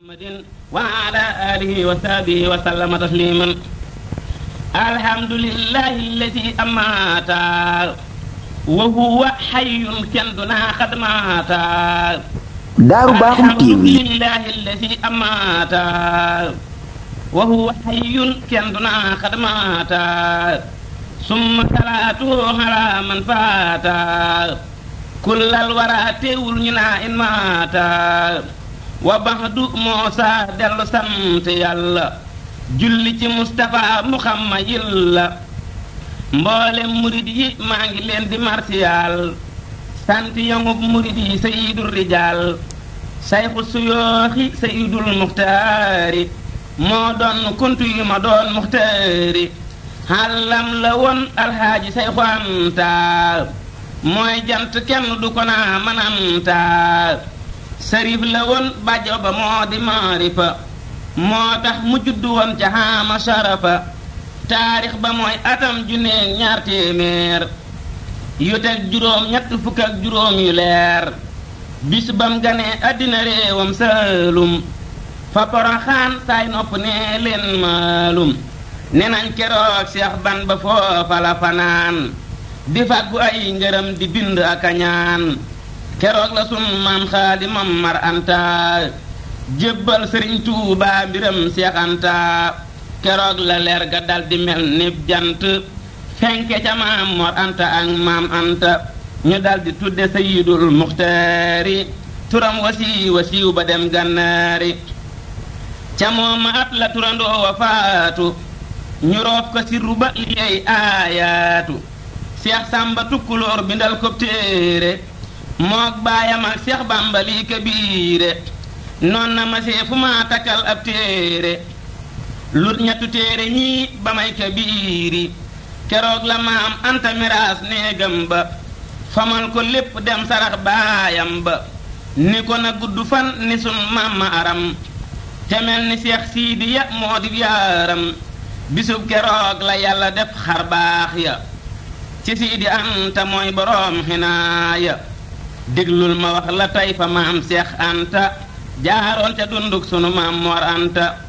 محمد وعلى آله وصحبه وسلم تسليما الحمد لله الذي أمات وهو حي كندنا قد مات دار الحمد لله الذي أمات وهو حي كندنا قد مات ثم صلاته على من فات كل الورى تولنا إن مات wa baxdu moosa dellu sant yalla julli ci mustafa muhammadil mbole murid yi ma ngi len di martial sant yangub murid yi sayyidul rijal sayxu suyuhi sayyidul muxtaari mo don kuntu yi ma don muxtaari halam la woon alxaaji anta moy jant kenn du ko naa mananta Seribu la woon bàjjo ba modi marifa motax moo tax mu atom woon ca xaama sarafa taarix ba moy atam junneeg ñaar téeméer yu tek juróom ñett fuk ak juróom yu leer bis bam gané adina réewam salum fa poroxaan tay nopp nee len malum nañ cheikh ban ba la fanan di fagu ay ngeeram di bind ak ñaan kérok la sum di mam mar anta jébbal sëriñ touba mbiram seexanta kérok la lèr ga dal di mel ni jant fenke ca mam mor anta ak mam anta ñu dal di tudde sayyidul mukhtari turam wasi wasi ba dem gannaari ca mom at la turando wafatu ñu roof ko ci ruba liyey ayatu cheikh samba tukulor bindal ko téré moog baayam ak Seex Bàmba bi kabiire noon na ma see fu ma takkal ab téere lu ñetti téere ñii ba may kabiiri keroog la maam anta miraas néegam ba famal ko lépp dem sarax baayam ba ni ko na gudd fan ni sun mamma aram te ni seex siidi ya moo di yaaram bisub keroog la yàlla def xar baax ya ci siidi anta mooy boroom xinaaya déglul ma wax la tey fa maam Seex Anta jaaroon ca dunduk sunu maam Mor Anta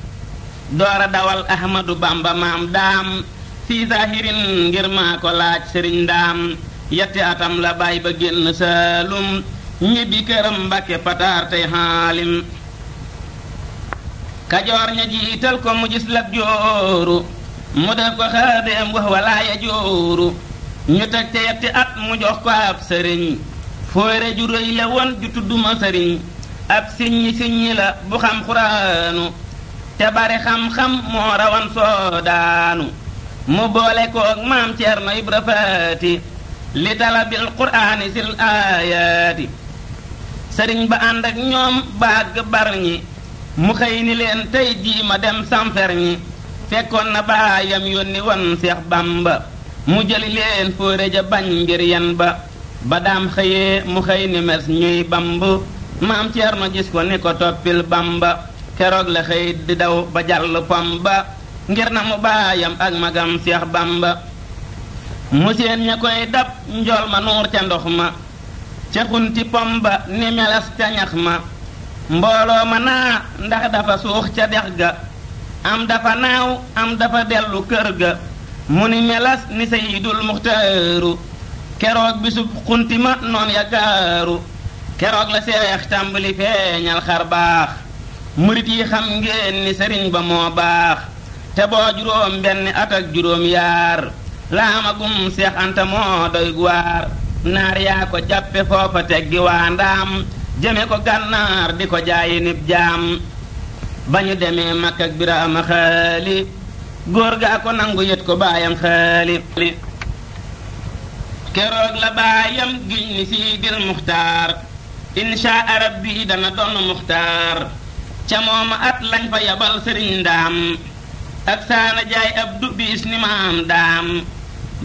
doora dawal Ahmadu Bamba maam daam fii zahirin ngir maa laaj sëriñ daam yetti atam la bàyyi ba génn saalum ñibbi këram Mbàkke pataar tey kajoor ña jiital ko mu lak jooru mu def ko xaadeem wax walaaye jooru ñu teg ca yetti at mu ko ab sëriñ foore ju rëy la won ju ma sëriñ ab siññi siññi la bu xam xuraanu te bare xam-xam moo rawan soo daanu mu boole ak maam ceerno ibra li li bil qur'aani sil aayaati sëriñ ba ànd ak ñoom baag bar ñi mu xëy ni leen tey jii ma dem samfer ñi fekkoon na baayam yónni wan seex bamba mu jëli leen fóore ja bañ ngir yen ba Badam xeye mu xey ni mes ñuy bamb maam ceerno gis ko ni ko toppil bamba keroog la xey di daw ba jàll pomba ngir na mu baayam ak magam seex bamba musien seen ña koy dab njool ma nuur ca ndox ma ca xunti pomba ni melas ca ñax ma mbooloo ma naa ndax dafa suux ca dex ga am dafa naaw am dafa dellu kër ga mu ni melas ni sayidul muxtaaru keroog bisub xuntima noon ya gaaru keroog la seex tàmbali feeñal xar baax murit yi xam ngeen ni sëriñ ba moo baax te boo juróom benn ak ak juróom yaar laamagum seex anta moo doy waar naar yaa ko jàppe foofa teggi wa ndam jëme ko gànnaar di ko jaayi nib jaam ba mak demee makk ak biraama xaali góor gaa ko nangu yët ko baayam xaali keroog la baayam giñ ni si bir muxtaar insha rabbi dana doon muxtaar ca at lañ fa yabal sëriñ ndaam ak jaay ab du biis ni maam daam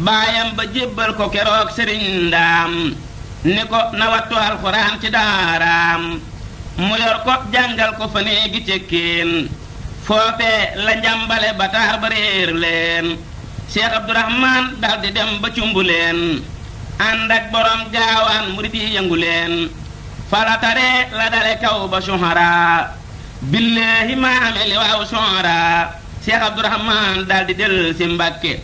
baayam ba jébbal ko keroog sëriñ ndaam ni ko nawattu alxuraan ci daaraam mu yor ko jàngal ko fa néegi cëkkeen foofee la njàmbale bataar ba réer leen Cheikh Abdourahman daldi dem ba cumbu leen ànd ak borom gaawaan murit yi yëngu leen falatare la dale kaw ba suhara billaahi maa amee li waaw suhara Cheikh Abdourahman daal di del si Mbàkke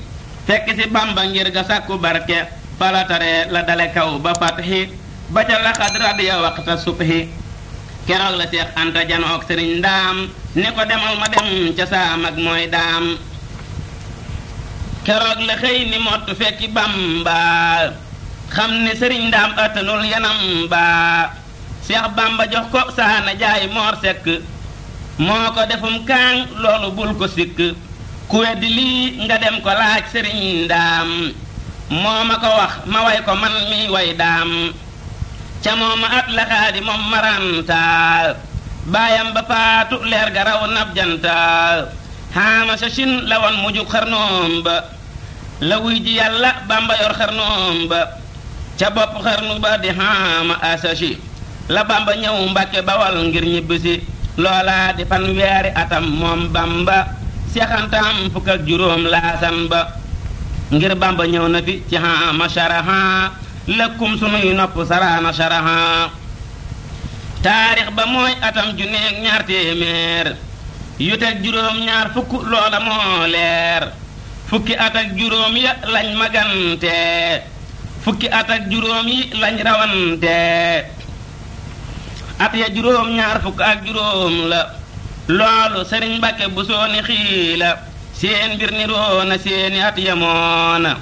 si Bamba ngir ga barke falatare la dale kaw ba fatxi ba ca laxad radiya waxta subhi keroog la Cheikh Anta janoog sëriñ ndaam ni ko demal ma dem ca saam ak mooy daam keroog la xëy ni mott fekki Bamba xam ni sëriñ ndaam attanul yanam baa seex bamba jox ko saana jaay moor sekk moo ko defum kaang loolu bul ko sikk ku weddi lii nga dem ko laaj sëriñ ndaam moo ma ko wax ma way ko man mi way daam ca at la moom marantaa baayam ba faatu leer ga raw nab jantaa xaama sachin la won mujug xarnoom ba la wuy ji yàlla bamba yor xarnoom ba ca bopp nu ba di xaama asasi la bamba ñew mbàkke bawal ngir ñibbisi lola di wéré atam mom bamba seexantaam fuk ak juróom laasan ba ngir bamba ñew na fi ci xaama sharaha lëkkum sunuy nopp saraana sharaha taarix ba moy atam ju neeg ñaar téeméer yu teg juróom ñaar fukk lola mo leer fukki at ak ya lañ magante fukki at ak juróom yi lañ rawante at ya juróom ñaar fukk ak juróom la loolu sëriñ Mbàkke bu sooni xii seen mbir niroo na seeni at yamoona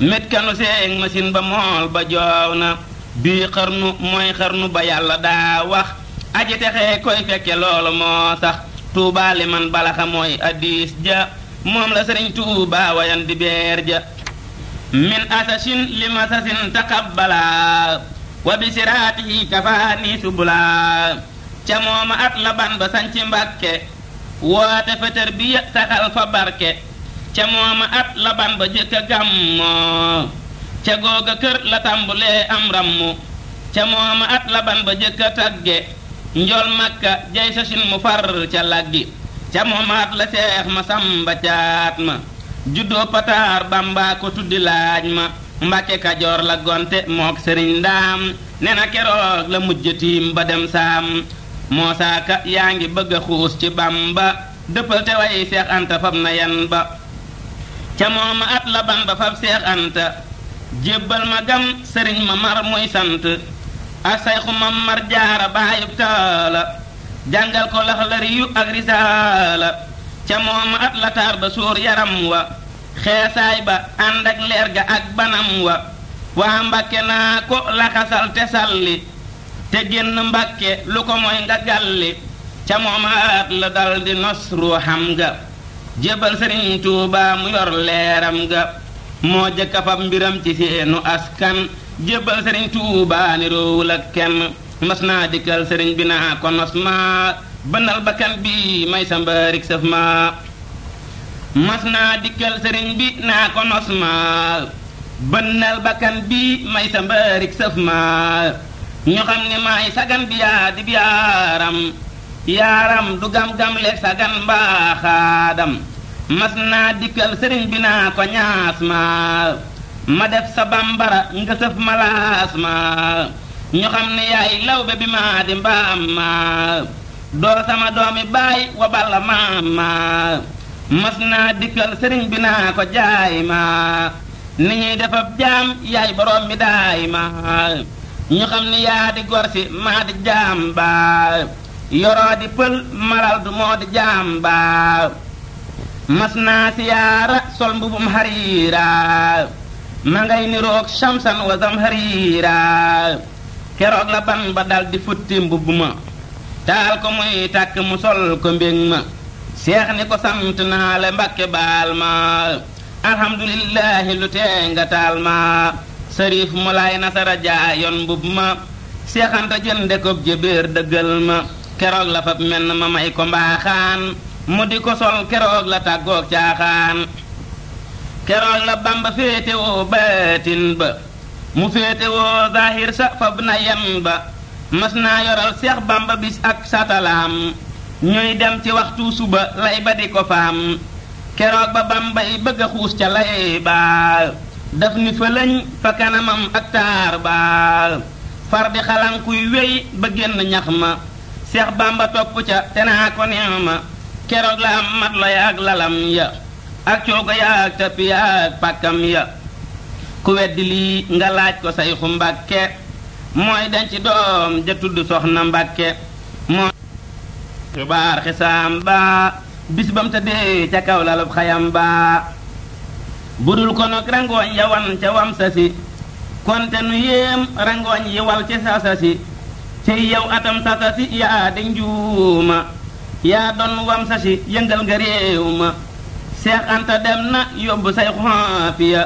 mét kanu seeg masin ba mool ba joow na bii xarnu mooy xarnu ba yàlla daa wax aji texee koy fekke loolu moo sax tuubaali man balaxa mooy addis ja moom la sëriñ tuubaa wayan di ja min asasin li masasin taqabbala wa bi siraatihi kafaani subula ca mooma at la ban ba sanc mbàkke woote fa tarbiya saxal fa barke ca mooma at la ban ba jëkk a ca googa kër la tàmbulee am rammu ca mooma at la ban ba jëkk tagge njool makka jay sasin mu far ca laggi ca mooma at la seex ma samba caat ma juddoo pataar bamba ko tuddi laaj ma ka kajoor la gonte mook sëriñ ndaam ne na keroog la mujjatiim ba dem saam moosaaka yaa ngi bëgg a ci bamba dëppal way seex anta fab na yan ba ca mooma at la bamba fab seex anta jébbal ma gam sëriñ ma mar muy sant mar jaara baayub taala jàngal ko laxlariyu ak risaala ca moom ab lataar ba sóor yaram wa xeesaay ba ànd ak leer ga ak banam wa waa mbàkke naa ko laxasal te salli te génn mbàkke lu ko mooy nga ca moom ab la dal nos ruuxam nga jébal sëriñ tuuba mu yor leeram nga moo jëkka fab mbiram ci seenu askan jébbal sëriñ tuuba ni róowul ak kenn mas naa dikkal sëriñ bi naa ko nos maa banal bakal bi may sa mbaarik saf ma masna dikel dikkal bi na ko nos ma banal bakal bi may sa mbaarik saf ma ñu xamne may sagan bi ya di yaaram yaaram du gam-gam le sagan ba xaadam masna dikel dikkal bi na ko ñaas ma ma def sa bambara nga saf ma ñu xamne yaay lawbe bi ma di mbam ma doo sama doomi baay wa balla maama mas naa dikkal sëriñ bi ko jaay ma ni ñuy jaam yaay boroom mi daay ma ñu xam ni yaa di gor jaam ba yoroo pël malal du moo jaam ba mas naa siyaara sol mbubum hariira ma ngay niroog shamsan wa zamhariira keroog la ban ba dal di futti mbubb taal ko muy tàkk mu sol ko ma seex ni ko sant naa la mbakke baal ma alhamdulillahi lu tee nga taal ma sariif mu laay nasara jaa yon mbub ma seexanta jënde ko jëbéer dëggal ma keroog la fab men ma may ko mbaaxaan mu di ko sol keroog la tàggoog caaxaan keroog la bamba féetewoo baatin ba mu féetewoo zahir sa fab na yan ba mas naa yoral seex bamba bis ak satalaam ñuy dem ci waxtu suba lay ba di ko faam keroog ba bamba yi bëgg a xuus ca lay ba daf ni lañ fa kanamam ak taar ba far di xalan kuy wéy ba génn ñax ma bamba topp ca te naa ko neew ma keroog la mat la yaag lalam ya ak coogo yaag tapi yaag pàkkam ya ku weddi lii nga laaj ko say xumbàkke mooy denc doom ja tudd soxna mbacke mo subaar xisaam ba bis bam de ca kaw lalub xayam ba budul ko nag rango yawan cesa ca wam sasi konte nu ci ci yow atam sa ya si yaa ya don wam sasi yengal nga rewuma cheikh anta dem na yóbbu say xaafiya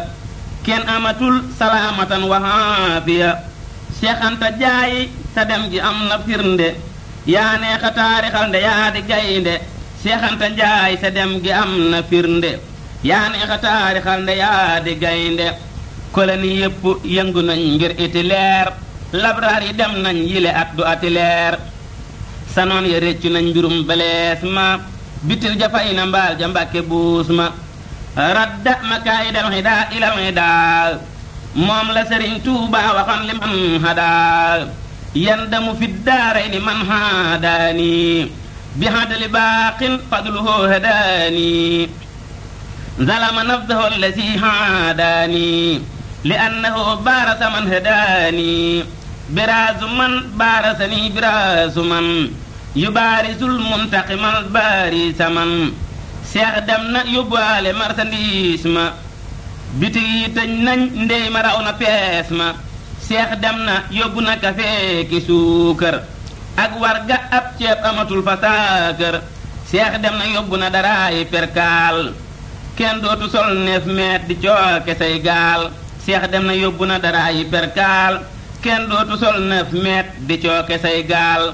ken amatul salamatan wa hafiya Cheikh jaayi sa dem gi am na firnde yaa neex taarixal nde yaa di gaynde Cheikh jaayi sa dem gi am na firnde yaa neex taarixal nde yaa di gaynde koloni yépp yëngu nañ ngir iti labraar yi dem nañ yile at du ati leer sanoon ya réccu nañ mbirum belees ma bitir ja fay na mbaal ja mbàkke buus ma radda makaayidal xidaa ilal xidaal moom la sëriñ tuubaa waxoon li man hadaa yandamu fi daarayni man haadaani bi hadali baaqin fadluhu hadaani ظلم نفسه الذي هداني لأنه بارس من هداني براز من بارسني براز من يبارز المنتقم البارس من سيخدمنا يبالي مرسندي اسمه bitig yi tëj nañ ndey ma raw na pees ma seex dem na yóbbu na kafe ki suukar ak warga ab ceeb amatul fa saakër seex dem na yóbbu na dara daraay perkaal kenn dootu sol neef meet di cooke say gaal seex dem na yóbbu na dara daraay perkaal kenn dootu sol neef meet di cooke say gaal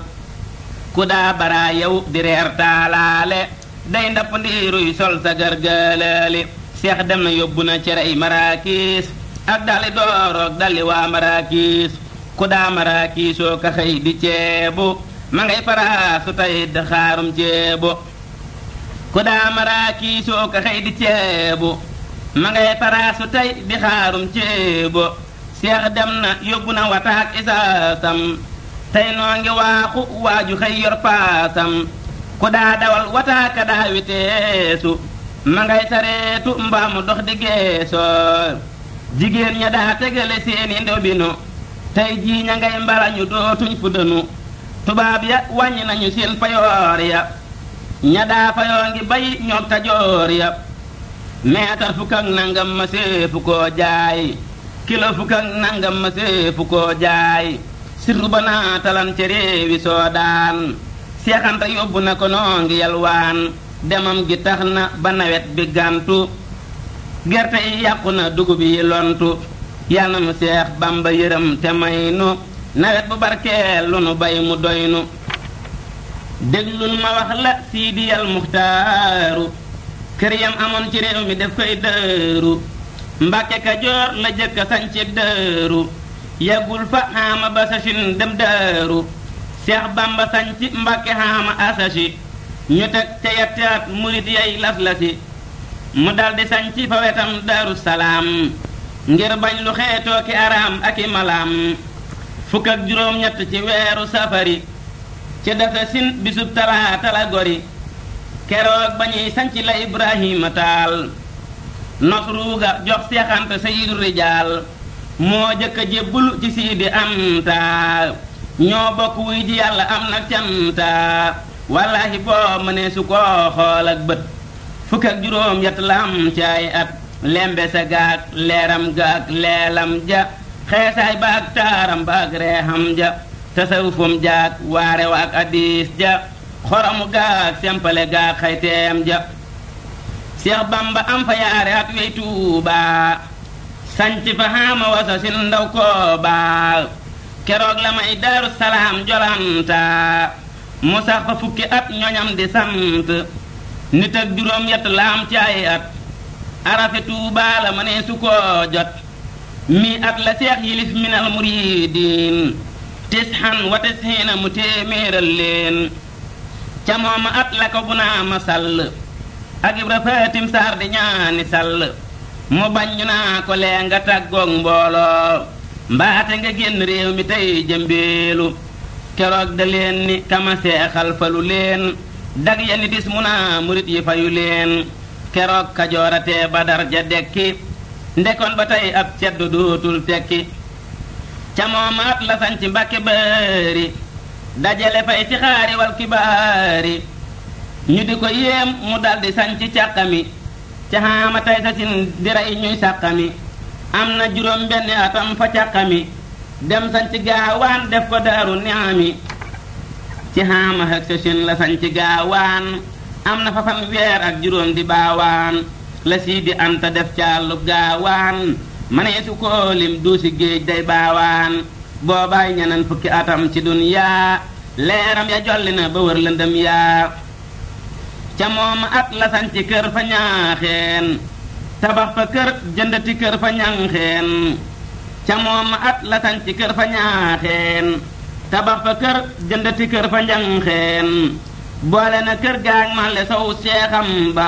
ku daa baraa yow di reer taalaale day ndapp ndiiruy sol sa gargaalaali seex dem na yóbbu na cere yi maraakiis ak dali dooroog dali waa maraakiis ku daa maraakiisoo ka xëy di ceebu ma paraasu tey da xaarum ceebu ku daa maraakiisoo ka xëy di ceebu ma paraasu tey di xaarum ceebu seex dem na yóbbu na wataak isaasam tey noo ngi waaxu waaju xëy yor paasam ku daa dawal wataaka daa witeesu ma ngay tu mbam dox di geesoor jigéen ña tegele tegale ndo bino, tay ji ña ngay mbarañu dootuñ fuddanu tubaab ya wàññi nañu seen payoor ya ña daa fayoo ngi bay ta jor ya meetar fukk ak nangam ma séefu ko jaay kilo fukk ak nangam ma séefu ko jaay sirru bana talan ci rewi na ko no ngi yalwaan demam gi tax na ba nawet bi gàntu gerte yi yàqu na dugub yi lontu yàlla nu seex bamba yërëm te may nu nawet bu barkeel lu nu bay mu doy nu déglul ma wax la siidiyal muxtaaru kër yam amoon ci réew mi def koy dëru mbàkke kajoor la jëkk a sañceeg dëru yàggul fa xaama ba sachin dem dëru seex bamba sañci mbàkke xaama asashi ñu te ca yetteat murit yay laslasi mu sañ ci fa wetam daru salam ngir bañ lu xeetoo ki aram ak malam fuk ak juroom ñett ci weeru safari ci dafa sin bisub tala tala gori keroog ba sañ ci la ibrahim taal nos ruuga jox seexante sayyidul rijal mo jëkk a ci sidi am amta ñoo bokk wuy ji yàlla am nag wallahi bo mané su ko xol ak bët fuk ak juróom yat lam ci ay at lembe sa gaak leram gaak lelam ja xesay baak taram baak reham ja tasawufum jaak waare wa ak adiis ja xoram gaak sempale gaak xayteem ja cheikh bamba am fa yaare ak wey tuubaa sanci fa xaama wasa sin ndaw koobaa keroog la may daru salam jolanta mu sax fa fukki at ñoñam di sant nit ak juróom yett laam ci at arafe tuubaa la ma ne su at la seex yilif minal muridiin tisxan wa tisxiina mu téeméeral leen ca at la ko bu naa ma sàll ak ibra fatim saar di ñaani sàll mu bañ naa ko lee nga tàggoog mbooloo mbaate nga génn réew mi tey jëmbeelu Kerok da leen ni kama seexal falu leen dag ya ni dis mu murit yi fayu leen keroog kajooratee badar ja dekki ndekon ba tey ab cedd dootul tekki ca momat la san ci mbake beeri dajale fay ci xaari wal kibaari ñu di ko yem mu daldi san ci ca sa sin ñuy sakami amna atam fa càqami dem sañ ci gaawaan def ko daaru niami ci xaama ak sësin la sañ gaawaan am na fa fan weer ak juróom di baawaan la sii anta def caalu gaawaan maneesu koo lim duusi géej day baawaan boobaay ñeneen fukki atam ci dunyaa leeram ya jolli na ba wër lëndëm yaa ca mooma at la sañ kër fa ñaaxeen tabax fa kër jëndati kër fa ñanxeen ca moom at la tan ci kër fa ñaaxeen tabax fa kër jëndati kër fa njangxeen boole na kër gaag le saw seexam ba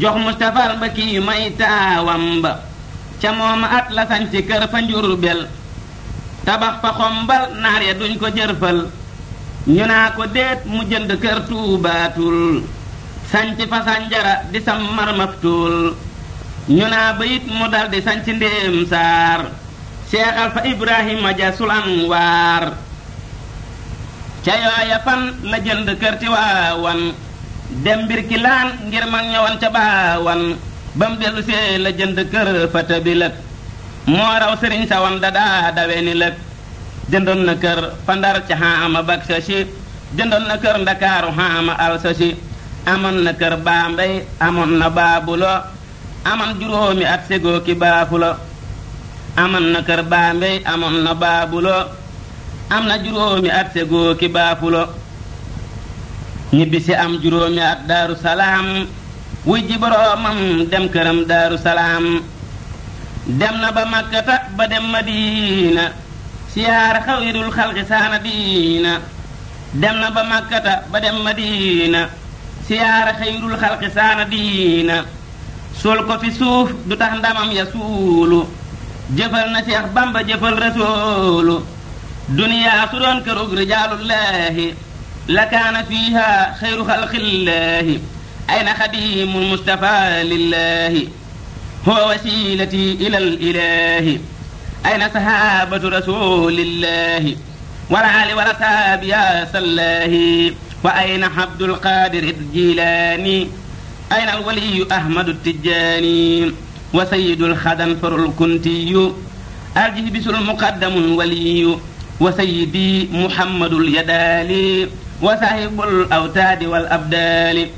jox mustafal ba kii may taawam ba ca moom at la tan ci kër fa njurbel tabax fa xombal naar ya duñ ko jërfal ñu naa ko déet mu jënd kër tuubaatul sanc fa sanjara di sam marmaftul ñu naa bayit mu dal di sanc ndéem saar Syekh Alfa Ibrahim Maja Sulam War yooya Ayapan la jënd kër ci waawan dem bir ki laan ngir mag ñëwan ca baawan bam delu la jënd kër fata bi lëg moo raw sëriñ sawan dadaa dawee ni lëg jëndoon na kër fandar ca xaama bak sa si jëndoon na kër ndakaaru al sa si amoon na kër baambay amoon na baabulo aman juróomi at segoo ki baafulo amoon na kër baambey amoon na baabulo am na juróomi at segoo ki baafulo ñibbisi am juróomi at daaru salaam wuy ji boroomam dem këram daaru dem na ba makkata ba dem madiina siyaar xawirul xalqi saana diina dem na ba makkata ba dem madiina siyaara xayrul xalqi saana diina sol ko fi suuf du tax ndamam ya suulu جفل نسيخ بامبا جفل رسول دنيا سرون كروك رجال الله لكان فيها خير خلق الله أين خديم المصطفى لله هو وسيلتي إلى الإله أين صحابة رسول الله والعالي والصحاب يا الله وأين عبد القادر الجيلاني أين الولي أحمد التجاني wa sayidul xadan farul kuntiyu arjih bisul muqaddamul waliyu wa sayidi muhammadul yadaali wa saahibul awtaadi wal abdaali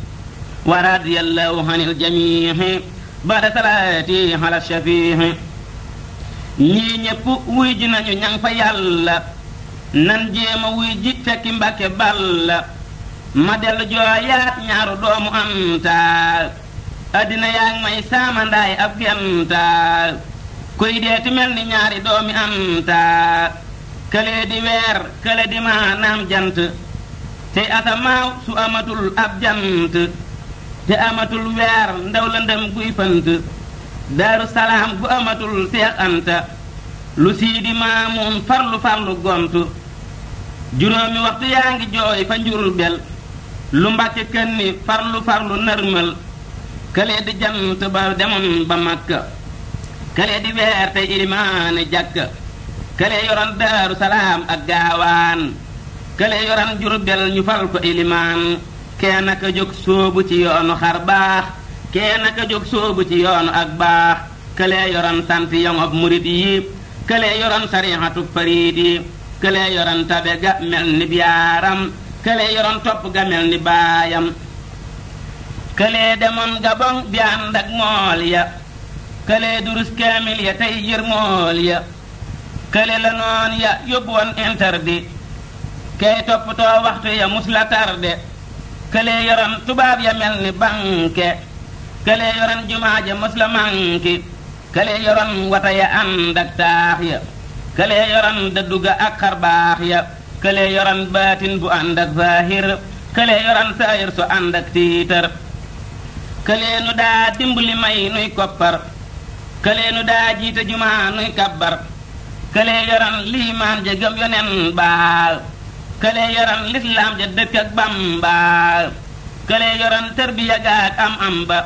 wa radiyallahu anil jamiihi baada salaati ala shafiihi ñii ñépp wuy nañu ñang fa nan jéema wuy fekki mbàkke balla ma dellu jooyaat ñaaru doomu antaal adina yang ngi may saamandaay ab gemta kuy deeti mel ni ñaari doomi amta kale di weer kële di maanaam jant te mau su amatul ab jant te amatul weer ndaw lëndëm guy fant daaru salaam gu amatul seex anta lu ma maamuun farlu farlu gontu juróomi waxtu yaa ngi jooy fa njurul bel lu mbàcce farlu farlu nërmal këlee di jant ba demoon ba Makka këlee di weer te ilimaane jàkk këlee yoroon daaru ak gaawaan këlee yoroon jurbel ñu fal ko ilimaan kee naka jóg sóobu ci yoonu xar baax kee naka jóg sóobu ci yoonu ak baax këlee yoroon sant yoŋob murit yi këlee yoroon sarixatu fariid yi këlee tabe ga mel ni biyaaram këlee topp ga mel ni Kale demon gabon bi andak mol ya kale durus kamil ya tay yir mol ya kale la non ya yóbbu woon interdit top to waxtu ya musla tarde kale yaram tubab ya melni banke kale yaram juma ja muslimanki kale yaram wata ya andak tax ya kale yaram da duga bax ya kale yaram batin bu andak zahir kale yaram yoroon so su titer këleenu daa dimbali may nuy koppar këleenu daa jiite jumaa nuy kabbar këlee yoran liimaan ja gëm yonen baal këlee yoran lislaam ja dëkk ak bambaal këlee yoran tërbiya ga am am ba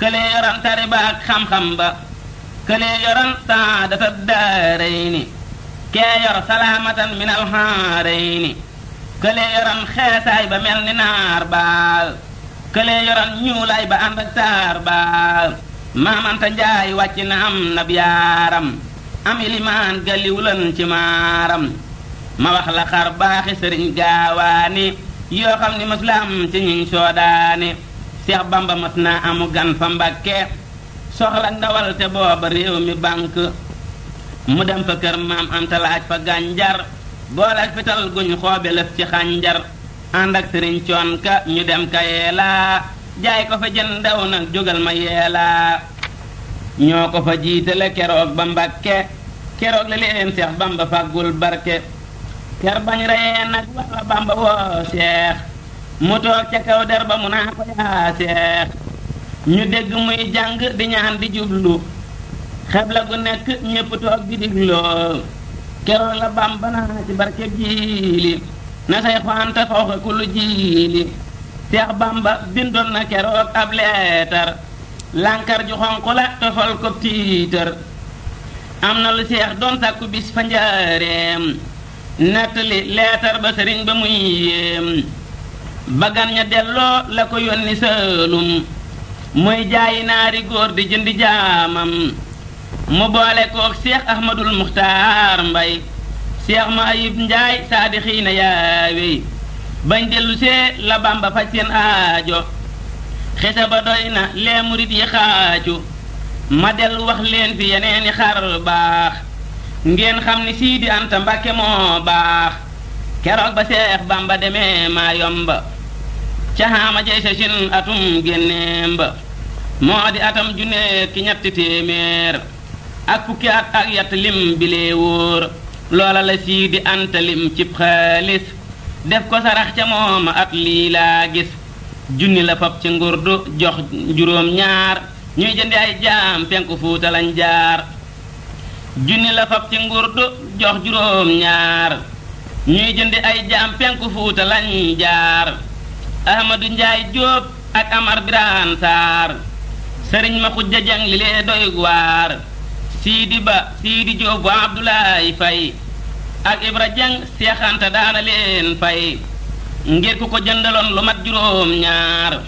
këlee yoran tariba ak xam-xam ba këlee yoran saadata daarayni kee yor salaamatan min alxaarayni këlee yoran xeesaay ba mel ni naar baal këlee yoral lay ba and ak saar ba ta njaay wacc na am nabi yaram am ilimaan galiwulan ci maram ma wax la xar baaxi serigne yo xamni ni ci ñuñ soodaani cheikh bamba matna naa amu gan fa mbacke soxla ndawal te booba rew mi bank mu dem fa kër maam anta laaj fa gànjar boolak fital guñ xoobe ci xanjar Andak ak sëriñ ka ñu dem ka yeelaa jaay ko fa jën ndaw nak jogal ma yeelaa ñoo ko fa jiitale keroog ba mbakke keroog la leen seex bamba fàggul barke ker bañ reyee nag wala bamba wo seex mu toog ca kaw der ba mu naa ko yaa seex ñu dégg muy jàng di ñaan di jublu xebla gu nekk ñépp toog di digloo keroog la bamba naa ci barke jiili na sayxu anta fawxa kullu jiili seex bamba bindoon na keroog ab leetar lankar ju xonq la tofal ko tiitar am na lu seex doon sàkku bis fa njaareem nettali leetar ba sëriñ ba muy bagan ña delloo la ko naari di jindi jamam mu boole ahmadul Muhtar baik. seex ma ayib njaay saadixiina yaawey bañ dellu la bamba faj seen aajo xisa ba doy na lee murit yi xaaju ma del wax leen fi yeneeni xar baax ngeen xam ni Siidi Anta Mbàkke moo baax keroog ba seex bamba demee maa yomba ca xaama jey sin atum génneem ba moo di atam junne ki ñetti téeméer ak fukki at ak yatt lim bilee loola la sii di antalim cib xaalis def ko sarax ca mooma ab lii laa gis junni la fab ci ngurdu jox ay jaam penku lañ jaar junni la fab ci ngurdu jox juróom ñaar ñuy jëndi ay jaam penku fuuta jaar ahmadu njaay jóob ak amar biraan saar sëriñ ma xujja jang li lee doy waar sidi ba sidi jobu abdullahi fay ak ibra jang seexanta daana leen fay ngir ko ko jëndaloon lu mat juróom ñaar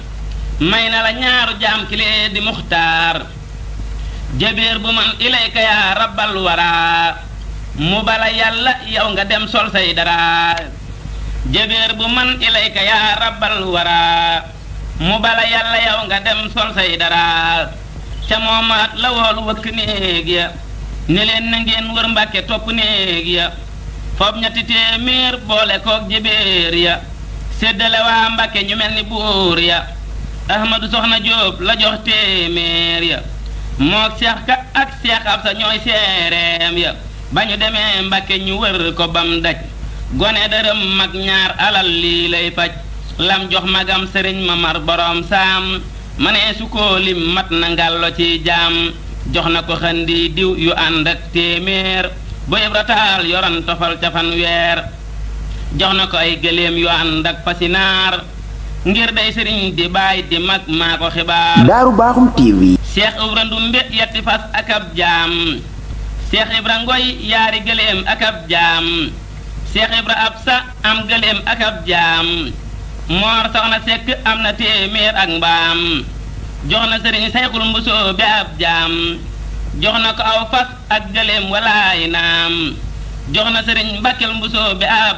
may na la ñaaru jaam kilee di muxtaar jabeer bu man ilayka yaa rabbal wara mu bala yow nga dem sol say dara jabeer bu man ilayka yaa rabbal wara mu bala yow nga dem sol say dara ca moomaat la woolu wëkk néeg ya ne leen na ngeen wër mbàkke topp néeg ya foob ñetti téeméer boole koog jibéer ya séddale waa ñu mel ni buur ya ahmadu soxna jóob la jox téeméer ya moog seex ak seex sa ñooy seereem ya ba ñu demee mbàkke ñu wër ko bam daj gone dërëm mag ñaar alal lii lay faj lam jox magam sëriñ mamar borom saam mané suko ko lim mat na ngallo ci jam jox na ko xandi diw yu and ak yoran tofal ca fan wèr jox na ko ay gëléem yu and ak fasinar ngir day sëriñ di bay di mag mako xibaar daaru tv cheikh ibrandou ndumbe yatti fas ak ab jaam cheikh ibrangoy yari yaari ak cheikh ibra absa am gëléem ak ab moor soxna sekk am na téeméer ak mbaam jox na sëriñ sayxul mbusoo bi ab jaam jox na ko aw fas ak gëléem walaay naam jox na sëriñ mbàkkeel mbusoo bi ab